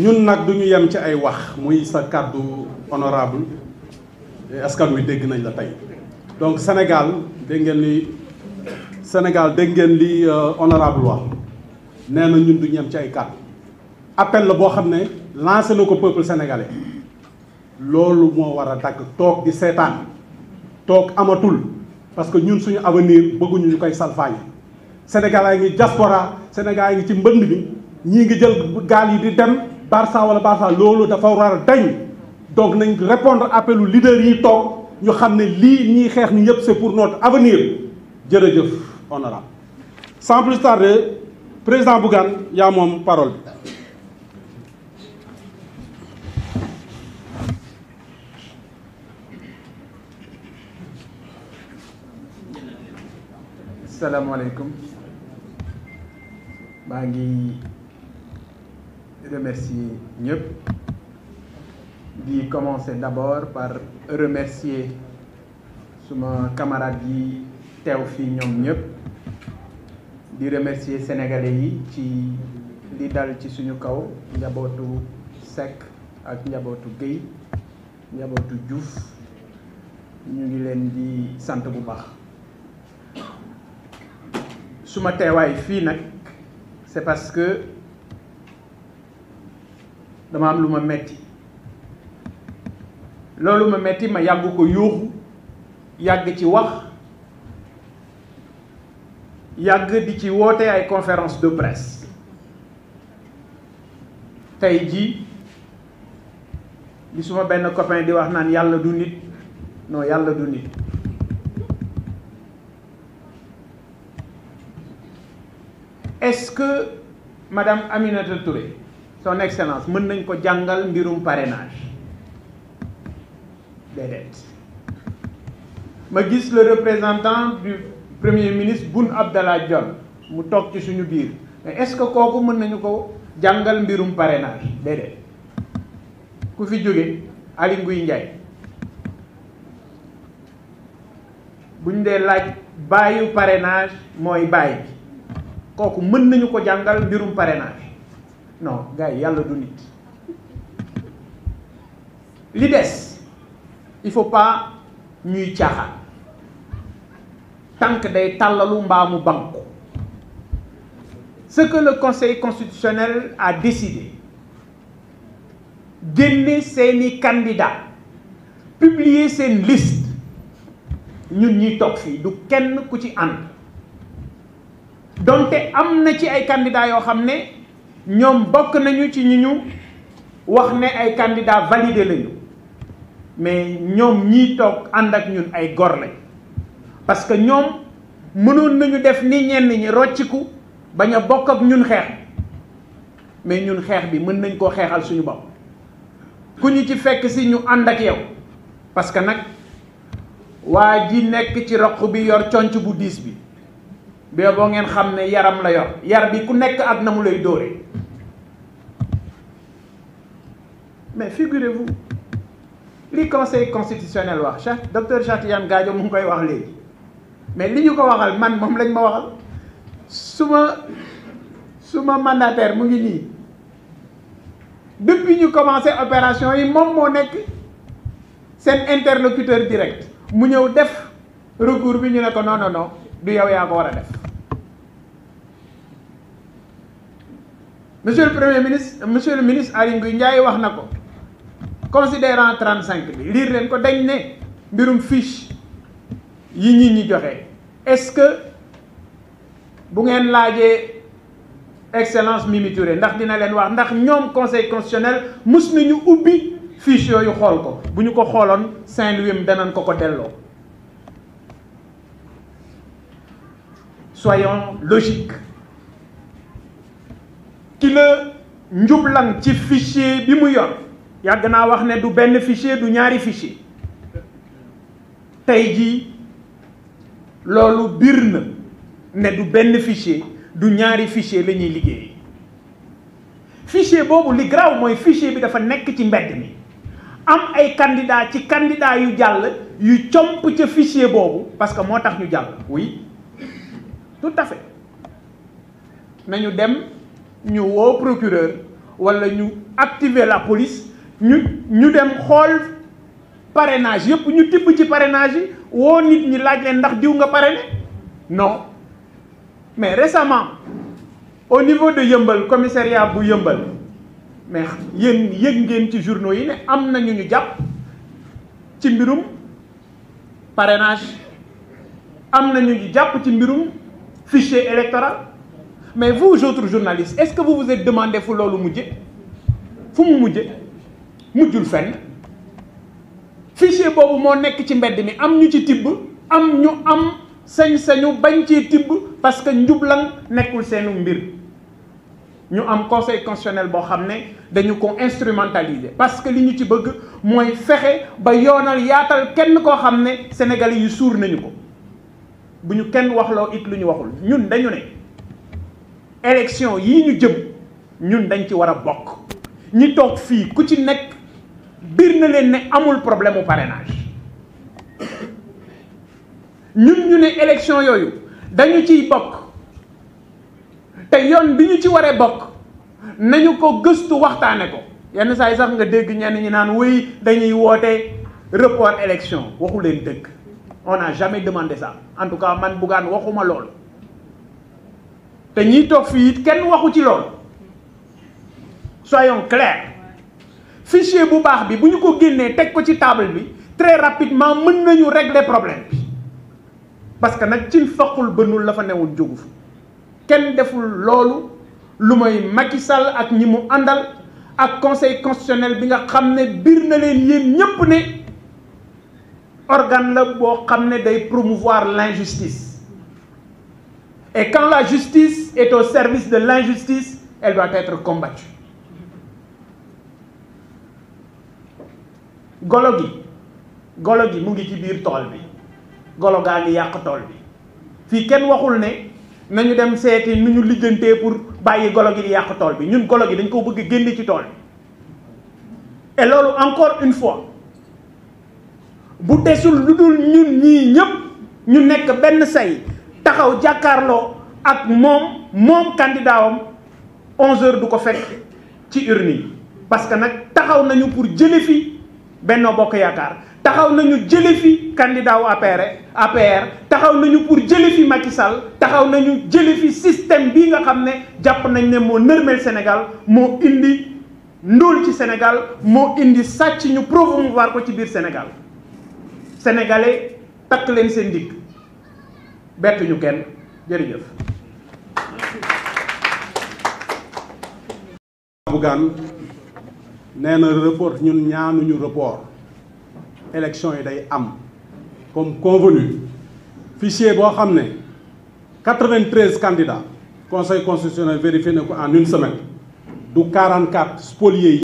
ñun nag du ñu yem ci ay wax muy sa kàddu honorable askan wi dégg nañ la tey donc Sénégal dégg ngeen li Sénégal dégg ngeen li euh, honorable wax nee na ñun du ñu yem ci ay kàddu appel la boo xam ne lancé na ko peuple sénégalais loolu moo war a dagg toog di seetaan toog amatul parce que ñun suñu avenir bëgguñu ñu koy salfaañe Sénégal a ngi diaspora Sénégal a ngi ci mbënd bi ñii ngi jël gaal yi di dem Barça wala Barça loolu dafa war a dañ donc nañ répondre appelu leader yi toog ñu xam ne lii ñuy xeex ñu yëpp c'est pour notre avenir jërëjëf honorable sans plus tarder président Bougane yaa moom parole bi ngi remercier ñëpp di commencer d'abord par remercier suma camarade yi teew fii ñoom ñëpp di remercier sénégalais yi ci li dal ci suñu kaw njabootu Seck ak njabootu Guèye njabootu juuf ñu ngi leen di sant bu baax suma teewaay fii nag c'est parce que dama am lu ma metti loolu ma metti ma yàgg ko yuuxu yàgg ci wax yàgg di ci woote ay conférence de presse tey jii li suma benn copain di wax naan yàlla du nit non yàlla du nit est-ce que madame Aminata son excellence mën nañ ko jàngal mbirum parrainage déedéet ma gis le représentant du premier ministre Boun Abdallah Dionne mu toog ci suñu biir mais est-ce que kooku mën nañu ko jàngal mbirum parrainage déedéet ku fi jóge Ali Nguy Ndiaye buñ dee laaj bàyyu parrainage mooy bàyyi bi kooku mën nañu ko jàngal mbirum parrainage non gars yàlla du nit li des il faut pas ñuy caaxaan tànk day tàllalu mbaamu banku ce que le conseil constitutionnel a décidé génne seeni candidats publier seen liste ñun ñuy toog fii du kenn ku ci ànd donte am na ci ay candidats yoo xam ne ñoom bokk nañu ci ñu ñu wax ne ay candidats validés lañu mais ñoom ñii toog ànd ak ñun ay gor lañ parce que ñoom mënoon nañu def ni ñenn ñi rocciku bañ a bokk ak ñun xeex mais ñun xeex bi mën nañ koo xeexal suñu bopp ku ñu ci fekk si ñu ànd ak yow parce que nag waa ji nekk ci roq bi yor conc bu diis bi bee boo ngeen xam ne yaram la yor yar bi ku nekk ak na mu lay dóore mais figurez-vous li conseil constitutionnel wax cha docteur Cheikh Tidiane Gadio mu ngi koy wax léegi mais li ñu ko waxal man moom lañ ma waxal su ma su ma mandataire mu ngi nii bi ñu commencé opération yi moom moo nekk seen interlocuteur direct mu ñëw def recours bi ñu ne ko non non du yow yaa ko war a def monsieur le premier ministre monsieur le ministre Aly Ngouille Ndiaye wax na ko considérant 35 bi liir leen ko dañ ne mbirum fiche yi ñi ñi joxe est-ce que bu ngeen laajee excellence Mimi Touré ndax dina leen wax ndax ñoom conseil constitutionnel mus nañu ubbi fiche yooyu xool ko bu ñu ko xooloon Saint-Louis danañ ko ko delloo soyons logiques ki la njublan ci fichier bi mu yor yàgg naa wax ne du benn fichier du ñaari fichier tey jii loolu biir na ne du benn fichier du ñaari fichier lañuy ñuy liggéey fichier boobu li garaaw mooy fichier bi dafa nekk ci mbedd mi am ay candidat ci candidat yu jàll yu comp ca fichier boobu parce que moo tax ñu jàll oui tout nañu dem ñu woo procureur walla ñu activer la police ñu ñu dem xool parrainage yëpp ñu tibb ci parrainage yi woo nit ñi laaj leen ndax diw nga pare parrainé non mais récemment au niveau de Yëmbal commissariat bu Yëmbal mais yéen yëg ngeen ci journaux yi ne am nañu ñu jàpp ci mbirum parrainage am nañu ñu jàpp ci mbirum fichier électoral mais vous autres journalistes est-ce que vous vous êtes demandé fu loolu mujje fu mu mujje mujjul fenn fichier boobu moo nekk ci mbedd mi am ñu ci tibb am ñu am sañ-sañu bañ ci tibb parce que njublan nekkul seenu mbir ñu am conseil constitutionnel boo xam ne dañu ko instrumentaliser parce que li ñu ci bëgg mooy fexe ba yoonal yaatal kenn koo xam ne sénégalais yu suur nañu ko bu ñu kenn waxloo it lu ñu waxul ñun dañu ne élection yii ñu jëm ñun dañ ci war a bokk ñi toog fii ku ci nekk biir na leen ne amul problème mu parrainage ñun ñu ne élection yooyu dañu ciy bokk te yoon bi ñu ci waree bokk nañu ko gëstu waxtaane ko yenn saa yi sax nga dégg ñenn ñi naan wuy dañuy woote report élection waxu leen dëkk on n'a jamais demandé ça en tout cas man Bougane waxuma loolu te ñiy toog fii it kenn waxu ci loolu soyon clairs fichier bu baax bi bu ñu ko génnee teg ko ci table bi très rapidement mën nañu régler problème bi parce que nag cin faqul bënul la fa newul jógu fa kenn deful loolu lu may Macky Sall ak ñi mu àndal ak conseil constitutionnel bi nga xam ne biir na leen yéen ñépp ne organe la boo xam ne day promouvoir l'injustice Et quand la au service de l'injustice, elle doit être combattue. golo gi golo gi mu ngi ci biir tool bi golo gaa ngi yàq tool bi fii kenn waxul ne nañu dem seeti nu ñu lijjantee pour bàyyi golo gi di yàq tool bi ñun golo gi dañ koo bëgg génn ci tool bi et loolu encore une fois bu desul lu dul ñun ñii ñëpp ñu nekk benn say taxaw jàkkaarloo ak moom moom candidat am 11 du ko fekk ci urne yi parce que nag taxaw nañu pour jële fi Benno Bokk Yaakaar taxaw nañu jële fi candidat wu APR APR taxaw nañu pour jële fi Macky taxaw nañu jële fi système bii nga xam ne jàpp nañ ne moo nërmeel Sénégal moo indi ndóol ci Sénégal moo indi sàcc ñu promouvoir ko ci biir Sénégal sénégalais takk leen seen digg bettuñu kenn jërëjëf. Bougane nee na report ñun ñaanuñu report élection yi day am comme convenu fichier boo xam ne 93 candidats conseil constitutionnel vérifié na ko en une semaine du 44 spoliés yi.